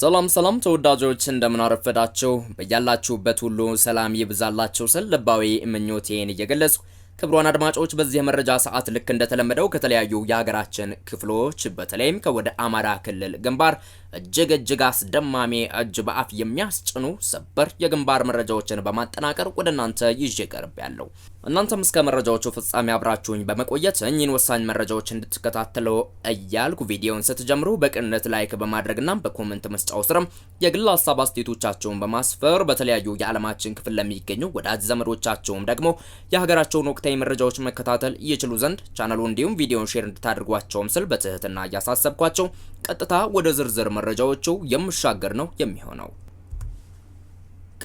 ሰላም ሰላም ተወዳጆች እንደምን አረፈዳችሁ። በያላችሁበት ሁሉ ሰላም ይብዛላችሁ ስል ልባዊ ምኞቴን እየገለጽኩ ክብሯን አድማጮች በዚህ የመረጃ ሰዓት ልክ እንደተለመደው ከተለያዩ የሀገራችን ክፍሎች በተለይም ከወደ አማራ ክልል ግንባር እጅግ እጅግ አስደማሚ እጅ በአፍ የሚያስጭኑ ሰበር የግንባር መረጃዎችን በማጠናቀር ወደ እናንተ ይዤ ቀርብ ያለው እናንተም እስከ መረጃዎቹ ፍጻሜ አብራችሁኝ በመቆየት እኚህን ወሳኝ መረጃዎች እንድትከታተሉ እያልኩ ቪዲዮውን ስትጀምሩ በቅንነት ላይክ በማድረግና በኮመንት መስጫው ስርም የግል ሀሳብ አስተያየቶቻቸውን በማስፈር በተለያዩ የዓለማችን ክፍል ለሚገኙ ወዳጅ ዘመዶቻቸውም ደግሞ የሀገራቸውን ወቅት ወቅታዊ መረጃዎች መከታተል ይችሉ ዘንድ ቻናሉ እንዲሁም ቪዲዮን ሼር እንድታደርጓቸውም ስል በትህትና እያሳሰብኳቸው ቀጥታ ወደ ዝርዝር መረጃዎቹ የምሻገር ነው የሚሆነው።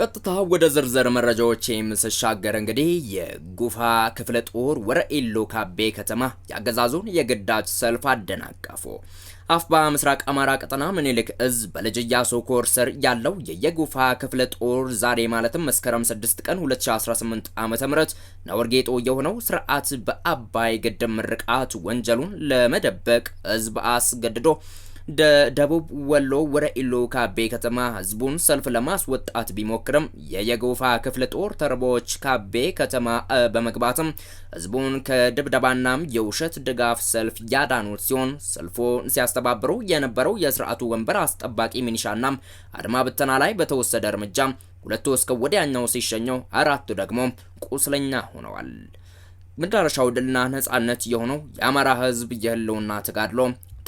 ቀጥታ ወደ ዝርዝር መረጃዎች የምስሻገር እንግዲህ የጉፋ ክፍለ ጦር ወረኤሎ ካቤ ከተማ የአገዛዙን የግዳጅ ሰልፍ አደናቀፉ። አፍባ ምስራቅ አማራ ቀጠና ምኒልክ እዝ በልጅ ኢያሱ ኮር ስር ያለው የየጉፋ ክፍለ ጦር ዛሬ ማለትም መስከረም 6 ቀን 2018 ዓ.ም ነውር ጌጦ የሆነው ስርዓት በአባይ ግድብ ምርቃት ወንጀሉን ለመደበቅ ህዝብ አስገድዶ ደቡብ ወሎ ወረኢሉ ካቤ ከተማ ህዝቡን ሰልፍ ለማስወጣት ቢሞክርም የየጎፋ ክፍለ ጦር ተርቦች ካቤ ከተማ በመግባትም ህዝቡን ከድብደባናም የውሸት ድጋፍ ሰልፍ ያዳኑት ሲሆን ሰልፉን ሲያስተባብሩ የነበረው የስርዓቱ ወንበር አስጠባቂ ሚኒሻና አድማ ብተና ላይ በተወሰደ እርምጃ ሁለቱ እስከ ወዲያኛው ሲሸኘው አራቱ ደግሞ ቁስለኛ ሆነዋል። መዳረሻው ድልና ነጻነት የሆነው የአማራ ህዝብ የህልውና ተጋድሎ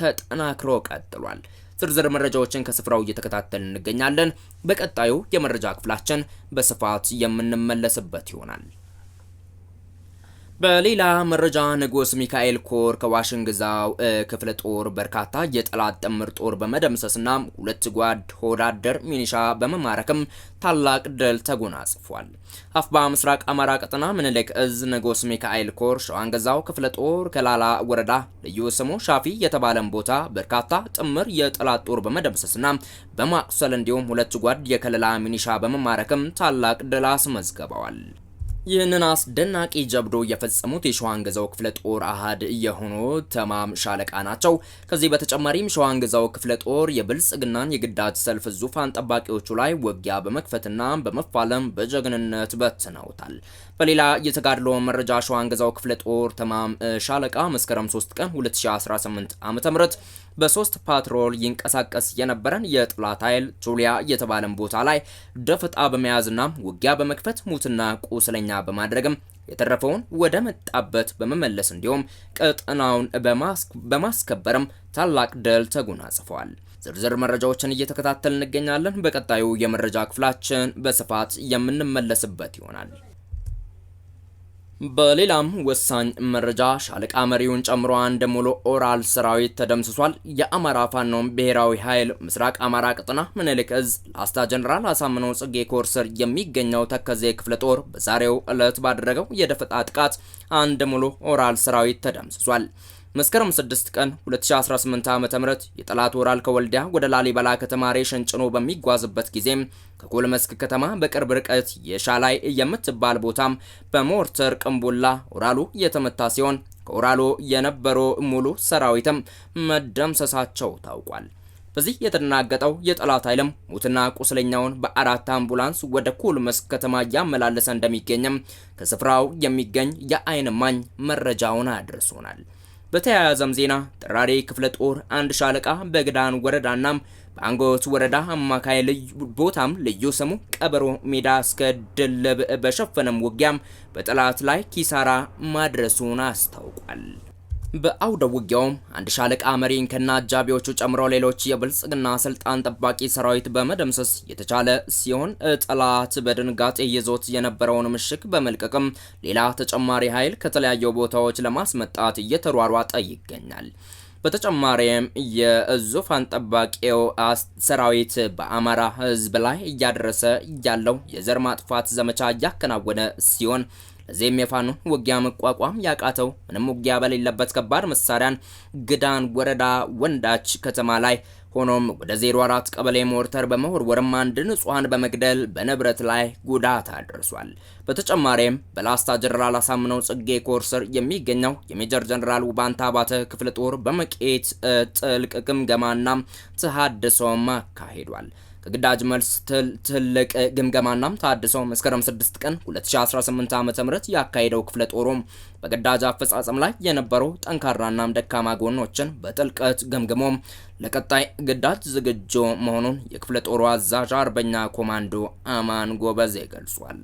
ተጠናክሮ ቀጥሏል። ዝርዝር መረጃዎችን ከስፍራው እየተከታተልን እንገኛለን። በቀጣዩ የመረጃ ክፍላችን በስፋት የምንመለስበት ይሆናል። በሌላ መረጃ ንጉስ ሚካኤል ኮር ከዋሽን ግዛው ክፍለ ጦር በርካታ የጠላት ጥምር ጦር በመደምሰስና ሁለት ጓድ ሆዳደር ሚኒሻ በመማረክም ታላቅ ድል ተጎናጽፏል። አፍባ ምስራቅ አማራ ቀጠና ምኒልክ እዝ ንጉስ ሚካኤል ኮር ሸዋን ገዛው ክፍለ ጦር ከላላ ወረዳ ልዩ ስሙ ሻፊ የተባለን ቦታ በርካታ ጥምር የጠላት ጦር በመደምሰስና በማቁሰል እንዲሁም ሁለት ጓድ የከለላ ሚኒሻ በመማረክም ታላቅ ድል አስመዝግበዋል። ይህንን አስደናቂ ጀብዶ የፈጸሙት የሸዋንግዛው ክፍለ ጦር አሃድ የሆኑ ተማም ሻለቃ ናቸው። ከዚህ በተጨማሪም ሸዋንግዛው ክፍለ ጦር የብልጽግናን የግዳጅ ሰልፍ ዙፋን ጠባቂዎቹ ላይ ውጊያ በመክፈትና በመፋለም በጀግንነት በትነውታል። በሌላ የተጋድሎ መረጃ ሸዋንግዛው ክፍለ ጦር ተማም ሻለቃ መስከረም 3 ቀን 2018 ም በሶስት ፓትሮል ይንቀሳቀስ የነበረን የጠላት ኃይል ቹሊያ የተባለን ቦታ ላይ ደፈጣ በመያዝና ውጊያ በመክፈት ሙትና ቁስለኛ በማድረግም የተረፈውን ወደ መጣበት በመመለስ እንዲሁም ቀጠናውን በማስከበርም ታላቅ ድል ተጎናጽፏል። ዝርዝር መረጃዎችን እየተከታተል እንገኛለን። በቀጣዩ የመረጃ ክፍላችን በስፋት የምንመለስበት ይሆናል። በሌላም ወሳኝ መረጃ ሻለቃ መሪውን ጨምሮ አንድ ሙሉ ኦራል ሰራዊት ተደምስሷል። የአማራ ፋኖም ብሔራዊ ኃይል ምስራቅ አማራ ቅጥና ምኒልክ እዝ ላስታ ጀኔራል አሳምነው ጽጌ ኮር ስር የሚገኘው ተከዜ ክፍለ ጦር በዛሬው ዕለት ባደረገው የደፈጣ ጥቃት አንድ ሙሉ ኦራል ሰራዊት ተደምስሷል። መስከረም 6 ቀን 2018 ዓ.ም የጠላት ወራል ከወልዲያ ወደ ላሊበላ ከተማ ሬሽን ጭኖ በሚጓዝበት ጊዜ መስክ ከተማ በቅርብ ርቀት የሻላይ የምትባል ቦታም በሞርተር ቅንቡላ ወራሉ የተመታ ሲሆን ከወራሉ የነበሩ ሙሉ ሰራዊትም መደምሰሳቸው ታውቋል። በዚህ የተደናገጠው የጠላት ኃይልም ሙትና ቁስለኛውን በአራት አምቡላንስ ወደ መስክ ከተማ እያመላለሰ እንደሚገኝም ከስፍራው የሚገኝ የአይን ማኝ መረጃውን አድርሶናል። በተያያዘም ዜና ጥራሬ ክፍለ ጦር አንድ ሻለቃ በግዳን ወረዳና በአንጎት ወረዳ አማካይ ቦታም ልዩ ስሙ ቀበሮ ሜዳ እስከ ደለብ በሸፈነም ውጊያም በጠላት ላይ ኪሳራ ማድረሱን አስታውቋል። በአውደ ውጊያውም አንድ ሻለቃ መሪን ከና አጃቢዎቹ ጨምሮ ሌሎች የብልጽግና ስልጣን ጠባቂ ሰራዊት በመደምሰስ የተቻለ ሲሆን ጠላት በድንጋጤ ይዞት የነበረውን ምሽግ በመልቀቅም ሌላ ተጨማሪ ኃይል ከተለያዩ ቦታዎች ለማስመጣት እየተሯሯጠ ይገኛል። በተጨማሪም የዙፋን ጠባቂው ሰራዊት በአማራ ሕዝብ ላይ እያደረሰ ያለው የዘር ማጥፋት ዘመቻ እያከናወነ ሲሆን እዚህም የፋኑ ውጊያ መቋቋም ያቃተው ምንም ውጊያ በሌለበት ከባድ መሳሪያን ግዳን ወረዳ ወንዳች ከተማ ላይ ሆኖም ወደ 04 ቀበሌ ሞርተር በመወርወርም አንድ ንጹሐን በመግደል በንብረት ላይ ጉዳት አድርሷል። በተጨማሪም በላስታ ጀነራል አሳምነው ጽጌ ኮርሰር የሚገኘው የሜጀር ጀነራል ውባንታ አባተ ክፍለ ጦር በመቄት ጥልቅ ግምገማና ተሃድሶም አካሂዷል። ከግዳጅ መልስ ትልቅ ግምገማና ታድሶ መስከረም 6 ቀን 2018 ዓ.ም ያካሄደው ክፍለ ጦሮም በግዳጅ አፈጻጸም ላይ የነበሩ ጠንካራና ደካማ ጎኖችን በጥልቀት ገምግሞ ለቀጣይ ግዳጅ ዝግጁ መሆኑን የክፍለ ጦሩ አዛዥ አርበኛ ኮማንዶ አማን ጎበዜ ገልጿል።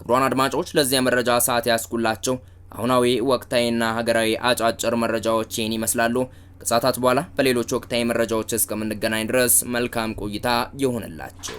ክቡራን አድማጮች ለዚህ የመረጃ ሰዓት ያስኩላቸው አሁናዊ ወቅታዊና ሀገራዊ አጫጭር መረጃዎች ይህን ይመስላሉ። ከሰዓታት በኋላ በሌሎች ወቅታዊ መረጃዎች እስከምንገናኝ ድረስ መልካም ቆይታ ይሁንላችሁ።